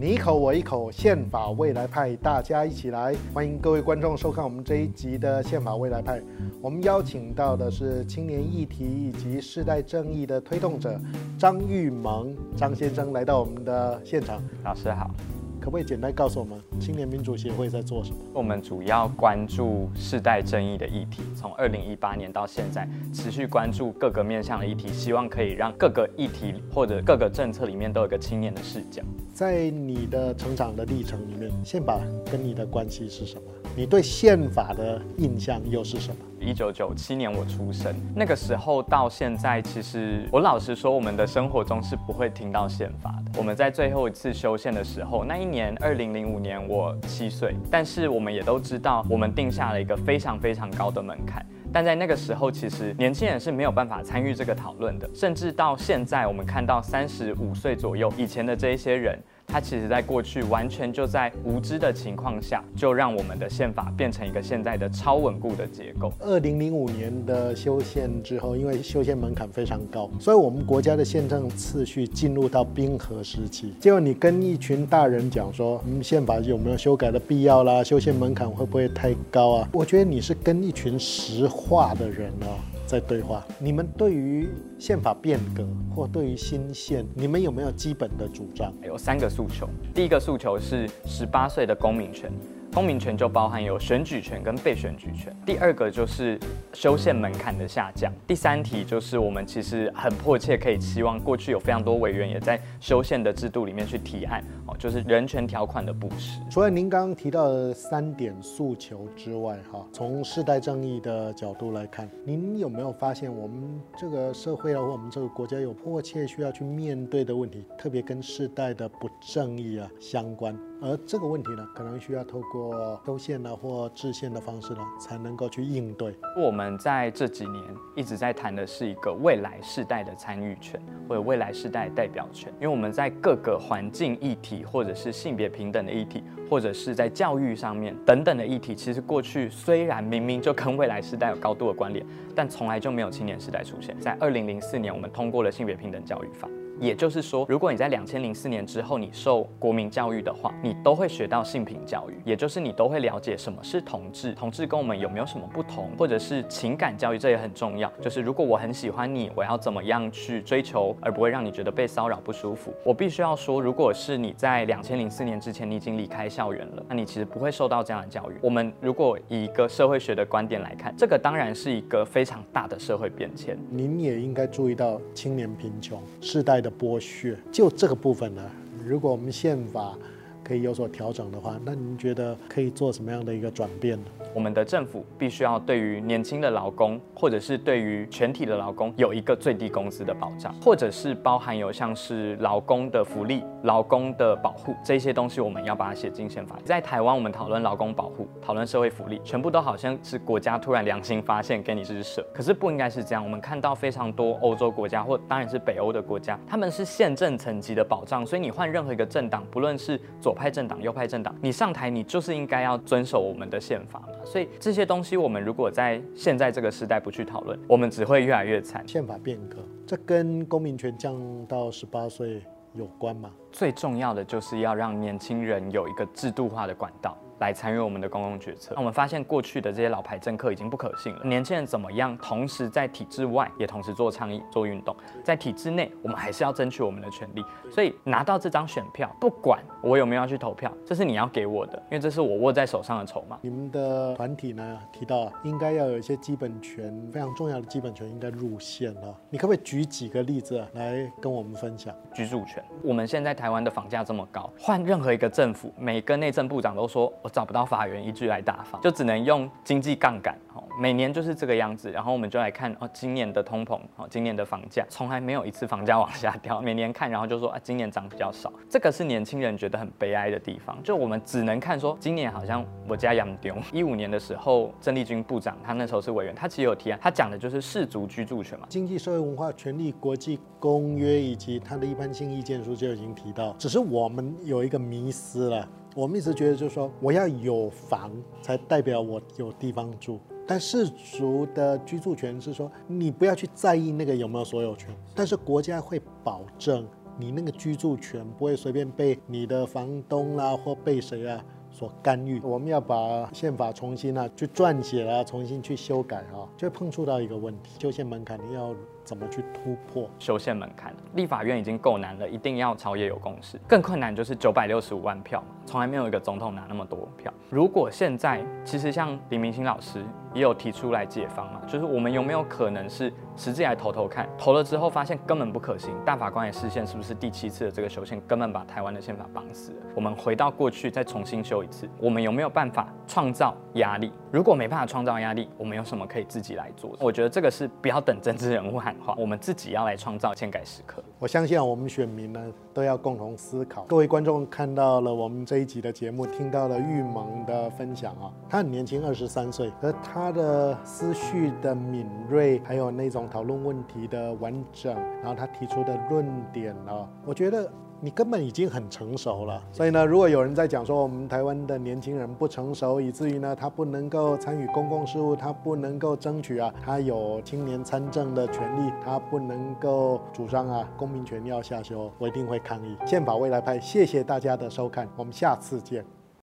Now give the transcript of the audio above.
你一口我一口，憲法未來派，大家一起來！歡迎各位觀眾收看我們這一集的憲法未來派。我們邀請到的是青年議題以及世代正義的推動者張育萌張先生來到我們的現場。老師好。可不可以簡單告訴我們，青年民主協會在做什麼？我們主要關注世代正義的議題，從二零一八年到現在，持續關注各個面向的議題，希望可以讓各個議題或者各個政策裡面都有一個青年的視角。在你的成長的歷程裡面，憲法跟你的關係是什麼？你對憲法的印象又是什麼？一九九七年我出生，那個時候到現在，其實我老實說，我們的生活中是不會聽到憲法的。我們在最後一次修憲的時候，那一年二零零五年我七歲，但是我們也都知道，我們定下了一個非常非常高的門檻。但在那個時候，其實年輕人是沒有辦法參與這個討論的，甚至到現在，我們看到三十五歲左右以前的這一些人。它其實，在過去完全就在無知的情況下，就讓我們的憲法變成一個現在的超穩固的結構。二零零五年的修憲之後，因為修憲門檻非常高，所以我們國家的憲政次序進入到冰河時期。結果你跟一群大人講說，嗯，憲法有沒有修改的必要啦？修憲門檻會不會太高啊？我覺得你是跟一群石化的人哦、啊。在對話，你們對於憲法變革或對於新憲，你們有沒有基本的主張？有三個訴求，第一個訴求是十八歲的公民權。公民權就包含有選舉權跟被選舉權。第二個就是修憲門檻的下降。第三題就是我們其實很迫切可以期望過去有非常多委員也在修憲的制度裡面去提案哦，就是人權條款的補實。除了您剛剛提到的三點訴求之外，哈，從世代正義的角度來看，您有沒有發現我們這個社會啊，或我們這個國家有迫切需要去面對的問題，特別跟世代的不正義啊相關？而這個問題呢，可能需要透過修憲呢，或制憲的方式呢，才能夠去應對。我們在這幾年一直在談的是一個未來世代的參與權，或者未來世代代表權。因為我們在各個環境議題，或者是性別平等的議題，或者是在教育上面等等的議題，其實過去雖然明明就跟未來世代有高度的關聯，但從來就沒有青年世代出現。在二零零四年，我們通過了性別平等教育法。也就是說，如果你在兩千零四年之後你受國民教育的話，你都會學到性平教育，也就是你都會了解什麼是同志，同志跟我們有沒有什麼不同，或者是情感教育，這也很重要。就是如果我很喜歡你，我要怎麼樣去追求，而不會讓你覺得被騷擾不舒服。我必須要說，如果是你在兩千零四年之前你已經離開校園了，那你其實不會受到這樣的教育。我們如果以一個社會學的觀點來看，這個當然是一個非常大的社會變遷。您也應該注意到，青年貧窮世代的。的剝削，就這個部分呢，如果我們憲法可以有所調整的話，那您覺得可以做什麼樣的一個轉變呢？我們的政府必須要對於年輕的勞工，或者是對於全體的勞工有一個最低工資的保障，或者是包含有像是勞工的福利、勞工的保護這些東西，我們要把它寫進憲法。在台灣，我們討論勞工保護、討論社會福利，全部都好像是國家突然良心發現給你施捨，可是不應該是這樣。我們看到非常多歐洲國家，或當然是北歐的國家，他們是憲政層級的保障，所以你換任何一個政黨，不論是左派政黨、右派政黨，你上台你就是應該要遵守我們的憲法嘛。所以這些東西，我們如果在現在這個時代不去討論，我們只會越來越慘。憲法變革，這跟公民權降到十八歲有關嗎？最重要的就是要讓年輕人有一個制度化的管道來參與我們的公共決策。那我們發現過去的這些老牌政客已經不可信了，年輕人怎麼樣？同時在體制外也同時做倡議、做運動，在體制內我們還是要爭取我們的權利。所以拿到這張選票，不管我有沒有要去投票，這是你要給我的，因為這是我握在手上的籌碼。你們的團體呢，提到、啊、應該要有一些基本權，非常重要的基本權應該入憲了、啊。你可不可以舉幾個例子來跟我們分享？居住權，我們現在談。台灣的房價這麼高，換任何一個政府，每個內政部長都說我找不到法源依據來打房，就只能用經濟槓桿。每年就是這個樣子，然後我們就來看哦，今年的通膨哦，今年的房價從來沒有一次房價往下掉，每年看，然後就說啊，今年漲比較少，這個是年輕人覺得很悲哀的地方。就我們只能看說，今年好像我家養丟。一五年的時候，鄭麗君部長他那時候是委員，他其實有提案，他講的就是適足居住權嘛，經濟社會文化權利國際公約以及他的一般性意見書就已經提到，只是我們有一個迷思了，我們一直覺得就是說，我要有房才代表我有地方住。但世俗的居住權是說，你不要去在意那個有沒有所有權，但是國家會保證你那個居住權不會隨便被你的房東啦、啊、或被誰啊所干預。我們要把憲法重新啊去撰寫啊，重新去修改啊，就碰觸到一個問題，修憲門檻你要怎麼去突破？修憲門檻，立法院已經夠難了，一定要朝野有共識，更困難就是九百六十五萬票嘛。從來沒有一個總統拿那麼多票。如果現在，其實像李明星老師也有提出來，解方嘛，就是我們有沒有可能是實際來投投看，投了之後發現根本不可行。大法官也釋憲，是不是第七次的這個修憲根本把台灣的憲法綁死了？我們回到過去，再重新修一次，我們有沒有辦法創造壓力？如果沒辦法創造壓力，我們有什麼可以自己來做？我覺得這個是不要等政治人物喊話，我們自己要來創造憲改時刻。我相信我們選民呢都要共同思考。各位觀眾看到了我們這。這一集的節目，聽到了育萌的分享啊，他很年輕，二十三歲，而他的思緒的敏銳，還有那種討論問題的完整，然後他提出的論點呢，我覺得。你根本已經很成熟了，所以呢，如果有人在講說我們台灣的年輕人不成熟，以至於呢，他不能夠參與公共事務，他不能夠爭取啊，他有青年參政的權利，他不能夠主張啊公民權利要下修，我一定會抗議。憲法未來派，謝謝大家的收看，我們下次見。